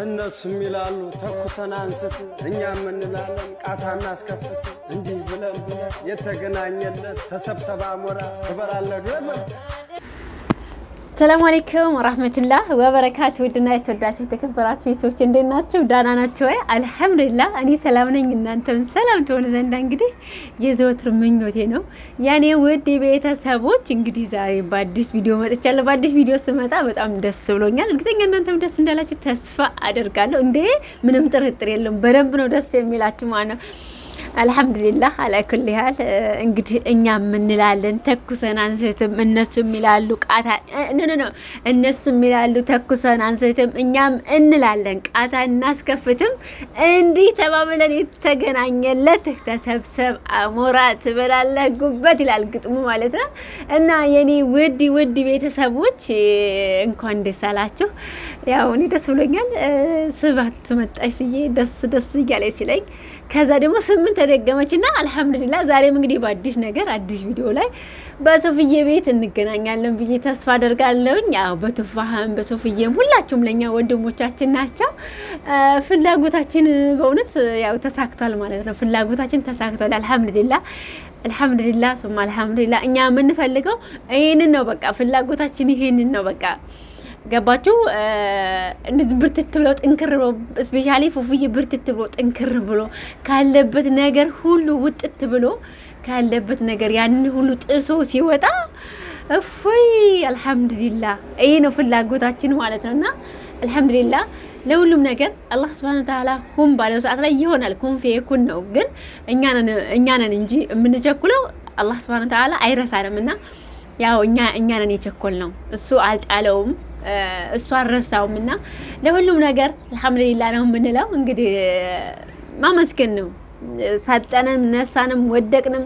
እነሱም ይላሉ ተኩሰን አንስት፣ እኛም እንላለን ቃታ እናስከፍት። እንዲህ ብለን ብለን የተገናኘለት ተሰብሰባ ሞራ ትበላለህ አሰላሙ አለይኩም ወራህመቱላህ ወበረካቱ። ውድና የተወዳችሁ የተከበራችሁ ቤተሰቦች እንዴት ናችሁ? ደህና ናችሁ ወይ? አልሐምዱሊላህ እኔ ሰላም ነኝ። እናንተም ሰላም ትሆኑ ዘንድ እንግዲህ የዘወትር ምኞቴ ነው። ያኔ ውድ ቤተሰቦች እንግዲህ ዛሬ በአዲስ ቪዲዮ መጥቻለሁ። በአዲስ ቪዲዮ ስመጣ በጣም ደስ ብሎኛል። እርግጠኛ እናንተም ደስ እንዳላችሁ ተስፋ አደርጋለሁ። እንዴ ምንም ጥርጥር የለውም በደንብ ነው ደስ የሚላችሁ ማለት ነው አልሐምዱሊላህ አላኩል ያህል እንግዲህ እኛም እንላለን ተኩሰን አንስትም፣ እነሱም ይላሉ ቃታ ኖ እነሱም ይላሉ ተኩሰን አንስትም፣ እኛም እንላለን ቃታ እናስከፍትም። እንዲህ ተባብለን የተገናኘለት ተሰብሰብ አሞራ ትበላለህ ጉበት ይላል ግጥሙ ማለት ነው። እና የኔ ውድ ውድ ቤተሰቦች እንኳን ደስ አላችሁ። ያው እኔ ደስ ብሎኛል። ስባት መጣች ስዬ ደስ ደስ እያለች ሲለኝ ከዛ ደግሞ ስምንት ተደገመች እና አልሐምዱሊላ ዛሬም እንግዲህ በአዲስ ነገር አዲስ ቪዲዮ ላይ በሶፍዬ ቤት እንገናኛለን ብዬ ተስፋ አደርጋለሁኝ። ያው በቱፋህም በሶፍዬም ሁላችሁም ለእኛ ወንድሞቻችን ናቸው። ፍላጎታችን በእውነት ያው ተሳክቷል ማለት ነው። ፍላጎታችን ተሳክቷል። አልሐምዱሊላ አልሐምዱሊላ ሱማ አልሐምዱሊላ። እኛ የምንፈልገው ይህንን ነው። በቃ ፍላጎታችን ይሄንን ነው በቃ ገባችሁ? እንደዚህ ብርትት ብለው ጥንክር ብሎ ስፔሻሊ ፉፉዬ ብርትት ብሎ ጥንክር ብሎ ካለበት ነገር ሁሉ ውጥት ብሎ ካለበት ነገር ያንን ሁሉ ጥሶ ሲወጣ እፎይ አልሐምዱሊላ። ይሄ ነው ፍላጎታችን ማለት ነው። እና አልሐምዱሊላ ለሁሉም ነገር አላህ ስብሃነ ተዓላ ሁን ባለው ሰዓት ላይ ይሆናል። ኩን ነው። ግን እኛ ነን እንጂ የምንቸኩለው አላህ ስብሃነ ተዓላ አይረሳንም። እና ያው እኛ ነን የቸኮል ነው እሱ አልጣለውም። እሱ አልረሳውም እና ለሁሉም ነገር አልሐምዱሊላ ነው የምንለው። እንግዲህ ማመስገን ነው። ሰጠንም፣ ነሳንም፣ ወደቅንም፣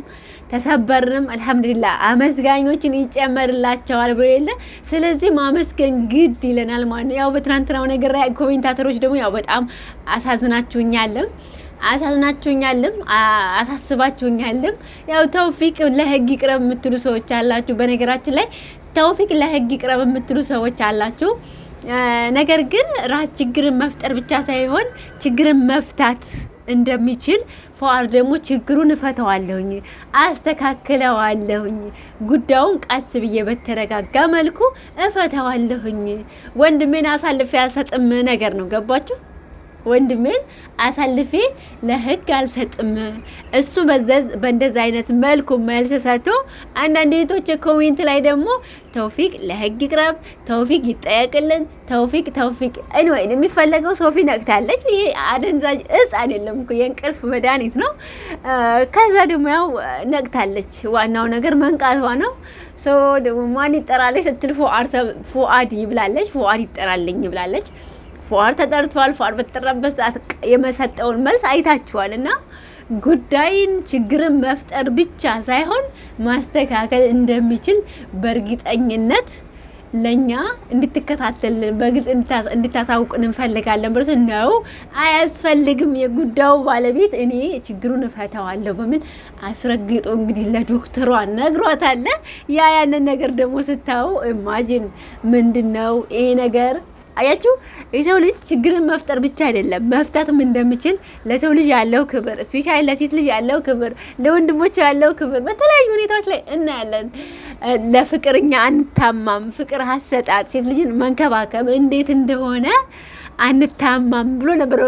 ተሰበርንም አልሐምዱሊላ አመስጋኞችን ይጨመርላቸዋል ብሎ የለ። ስለዚህ ማመስገን ግድ ይለናል ማለት ነው። ያው በትናንትናው ነገር ኮሜንታተሮች ደግሞ ያው በጣም አሳዝናችሁኛለም አሳዝናችሁኛልም አሳስባችሁኛልም። ያው ተውፊቅ ለህግ ይቅረብ የምትሉ ሰዎች አላችሁ። በነገራችን ላይ ተውፊቅ ለህግ ይቅረብ የምትሉ ሰዎች አላችሁ። ነገር ግን ራስ ችግርን መፍጠር ብቻ ሳይሆን ችግርን መፍታት እንደሚችል ፎአር ደግሞ ችግሩን እፈተዋለሁኝ፣ አስተካክለዋለሁኝ፣ ጉዳዩን ቀስ ብዬ በተረጋጋ መልኩ እፈተዋለሁኝ፣ ወንድሜን አሳልፌ አልሰጥም ነገር ነው። ገባችሁ? ወንድሜን አሳልፌ ለህግ አልሰጥም። እሱ በእንደዚ አይነት መልኩ መልስ ሰጥቶ አንዳንድ እህቶች ኮሜንት ላይ ደግሞ ተውፊቅ ለህግ ይቅረብ፣ ተውፊቅ ይጠየቅልን፣ ተውፊቅ ተውፊቅ ኤኒዌይ የሚፈለገው ሶፊ ነቅታለች። ይሄ አደንዛዥ እጽ አይደለም እኮ የእንቅልፍ መድኃኒት ነው። ከዛ ደግሞ ያው ነቅታለች። ዋናው ነገር መንቃቷ ነው። ሰው ደግሞ ማን ይጠራለች ስትል ፉአድ ይብላለች፣ ፉአድ ይጠራልኝ ይብላለች። ፏር ተጠርቷል። ፏር በተጠራበት ሰዓት የመሰጠውን መልስ አይታችኋል እና ጉዳይን ችግርን መፍጠር ብቻ ሳይሆን ማስተካከል እንደሚችል በእርግጠኝነት ለእኛ እንድትከታተልን በግልጽ እንድታሳውቅን እንፈልጋለን ብሎ ነው። አያስፈልግም የጉዳዩ ባለቤት እኔ ችግሩን እፈተዋለሁ በሚል አስረግጦ እንግዲህ ለዶክተሯ ነግሯታል። ያ ያንን ነገር ደግሞ ስታው ኢማጂን ምንድን ነው ይሄ ነገር አያችሁ የሰው ልጅ ችግርን መፍጠር ብቻ አይደለም መፍታትም እንደምችል ለሰው ልጅ ያለው ክብር፣ ስፔሻሊ ለሴት ልጅ ያለው ክብር፣ ለወንድሞች ያለው ክብር በተለያዩ ሁኔታዎች ላይ እናያለን። ለፍቅርኛ አንታማም። ፍቅር አሰጣጥ፣ ሴት ልጅን መንከባከብ እንዴት እንደሆነ አንታማም ብሎ ነበር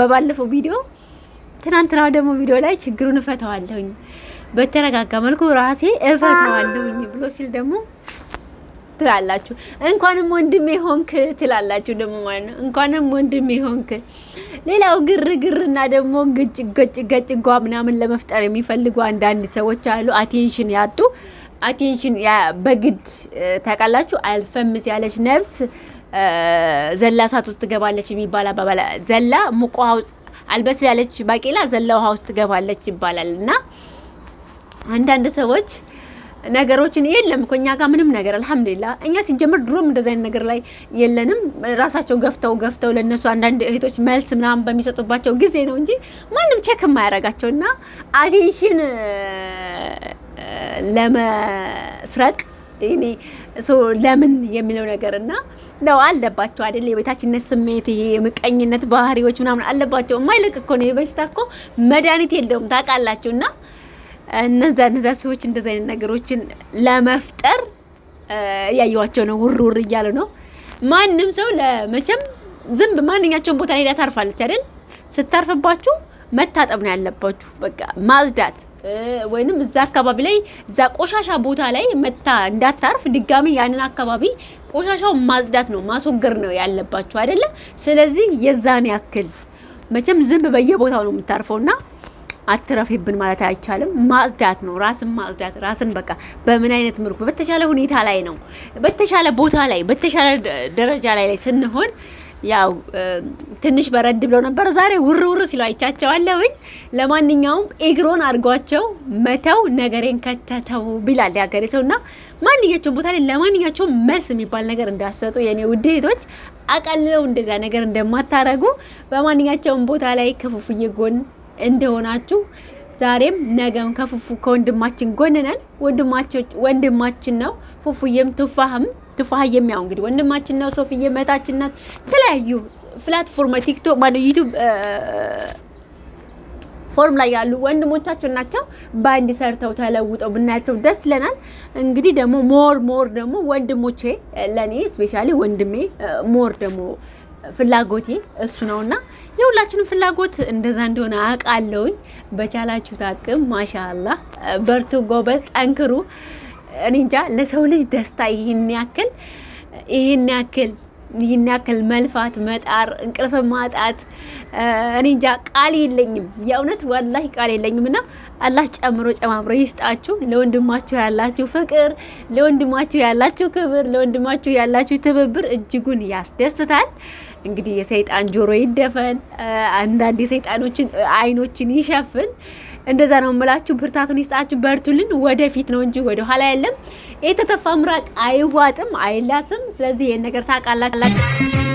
በባለፈው ቪዲዮ። ትናንትና ደግሞ ቪዲዮ ላይ ችግሩን እፈተዋለሁኝ በተረጋጋ መልኩ ራሴ እፈተዋለሁኝ ብሎ ሲል ደግሞ ትላላችሁ። እንኳንም ወንድሜ ሆንክ ትላላችሁ ደግሞ ማለት ነው። እንኳንም ወንድሜ ሆንክ። ሌላው ግር ደግሞ ግጭ ገጭ ገጭ ጓ ምናምን ለመፍጠር የሚፈልጉ አንዳንድ ሰዎች አሉ። አቴንሽን ያጡ አቴንሽን በግድ ታውቃላችሁ። አልፈምስ ያለች ነፍስ ዘላ እሳት ውስጥ ትገባለች የሚባል አባባል ዘላ ሙቆ አልበስ ያለች ባቄላ ዘላ ውሃ ውስጥ ትገባለች ይባላል እና አንዳንድ ሰዎች ነገሮችን የለም እኮ እኛ ጋር ምንም ነገር አልሐምዱሊላ። እኛ ሲጀምር ድሮም እንደዚ አይነት ነገር ላይ የለንም። ራሳቸው ገፍተው ገፍተው ለእነሱ አንዳንድ እህቶች መልስ ምናምን በሚሰጡባቸው ጊዜ ነው እንጂ ማንም ቼክ የማያደርጋቸው እና አቴንሽን ለመስረቅ እኔ ለምን የሚለው ነገር እና ነው አለባቸው አይደል? የበታችነት ስሜት ይሄ የምቀኝነት ባህሪዎች ምናምን አለባቸው። የማይለቅ እኮ ነው። የበሽታ እኮ መድኃኒት የለውም ታውቃላችሁ እና እነዛ እነዛ ሰዎች እንደዚ አይነት ነገሮችን ለመፍጠር እያየዋቸው ነው። ውር ውር እያሉ ነው። ማንም ሰው ለመቼም ዝም ማንኛቸውን ቦታ ሄዳ ታርፋለች አይደል? ስታርፍባችሁ መታጠብ ነው ያለባችሁ። በቃ ማጽዳት ወይንም እዛ አካባቢ ላይ እዛ ቆሻሻ ቦታ ላይ መታ እንዳታርፍ ድጋሚ ያንን አካባቢ ቆሻሻው ማጽዳት ነው ማስወገድ ነው ያለባችሁ አይደለ? ስለዚህ የዛን ያክል መቼም ዝም በየቦታው ነው የምታርፈውና አትረፌብን ማለት አይቻልም። ማጽዳት ነው ራስን ማጽዳት ራስን በቃ በምን አይነት መልኩ በተሻለ ሁኔታ ላይ ነው በተሻለ ቦታ ላይ በተሻለ ደረጃ ላይ ላይ ስንሆን ያው ትንሽ በረድ ብለው ነበር። ዛሬ ውር ውር ሲሉ አይቻቸዋለሁኝ። ለማንኛውም ኤግሮን አድርጓቸው መተው ነገሬን ከተተው ቢላል ያገሬ ሰው እና ማንኛቸውም ቦታ ላይ ለማንኛቸውም መልስ የሚባል ነገር እንዳሰጡ የእኔ ውድ አቀልለው እንደዛ ነገር እንደማታረጉ በማንኛቸውም ቦታ ላይ ከፉፉዬ ጎን እንደሆናችሁ ዛሬም ነገም ከፉፉ ከወንድማችን ጎን ነን። ወንድማችን ነው ፉፉዬም ቱፋህም ቱፋህዬም ያው እንግዲህ ወንድማችን ነው። ሶፊዬ መታችን ናት። የተለያዩ ፕላትፎርም ቲክቶክ ማለት ዩቱብ ፎርም ላይ ያሉ ወንድሞቻችን ናቸው። በአንድ ሰርተው ተለውጠው ብናያቸው ደስ ይለናል። እንግዲህ ደግሞ ሞር ሞር ደግሞ ወንድሞቼ ለእኔ ስፔሻሊ ወንድሜ ሞር ደግሞ ፍላጎቴ እሱ ነውና የሁላችንም ፍላጎት እንደዛ እንደሆነ አውቃለሁኝ። በቻላችሁት አቅም ማሻአላ በርቱ፣ ጎበዝ፣ ጠንክሩ። እኔ እንጃ ለሰው ልጅ ደስታ ይህን ያክል ይህን ያክል ይህን ያክል መልፋት፣ መጣር፣ እንቅልፍ ማጣት እኔ እንጃ ቃል የለኝም። የእውነት ወላሂ ቃል የለኝም እና አላህ ጨምሮ ጨማምሮ ይስጣችሁ። ለወንድማችሁ ያላችሁ ፍቅር፣ ለወንድማችሁ ያላችሁ ክብር፣ ለወንድማችሁ ያላችሁ ትብብር እጅጉን ያስደስታል። እንግዲህ የሰይጣን ጆሮ ይደፈን፣ አንዳንድ የሰይጣኖችን አይኖችን ይሸፍን። እንደዛ ነው የምላችሁ። ብርታቱን ይስጣችሁ፣ በርቱልን። ወደፊት ነው እንጂ ወደ ኋላ የለም። የተተፋ ምራቅ አይዋጥም አይላስም። ስለዚህ ይህን ነገር ታውቃላችሁ።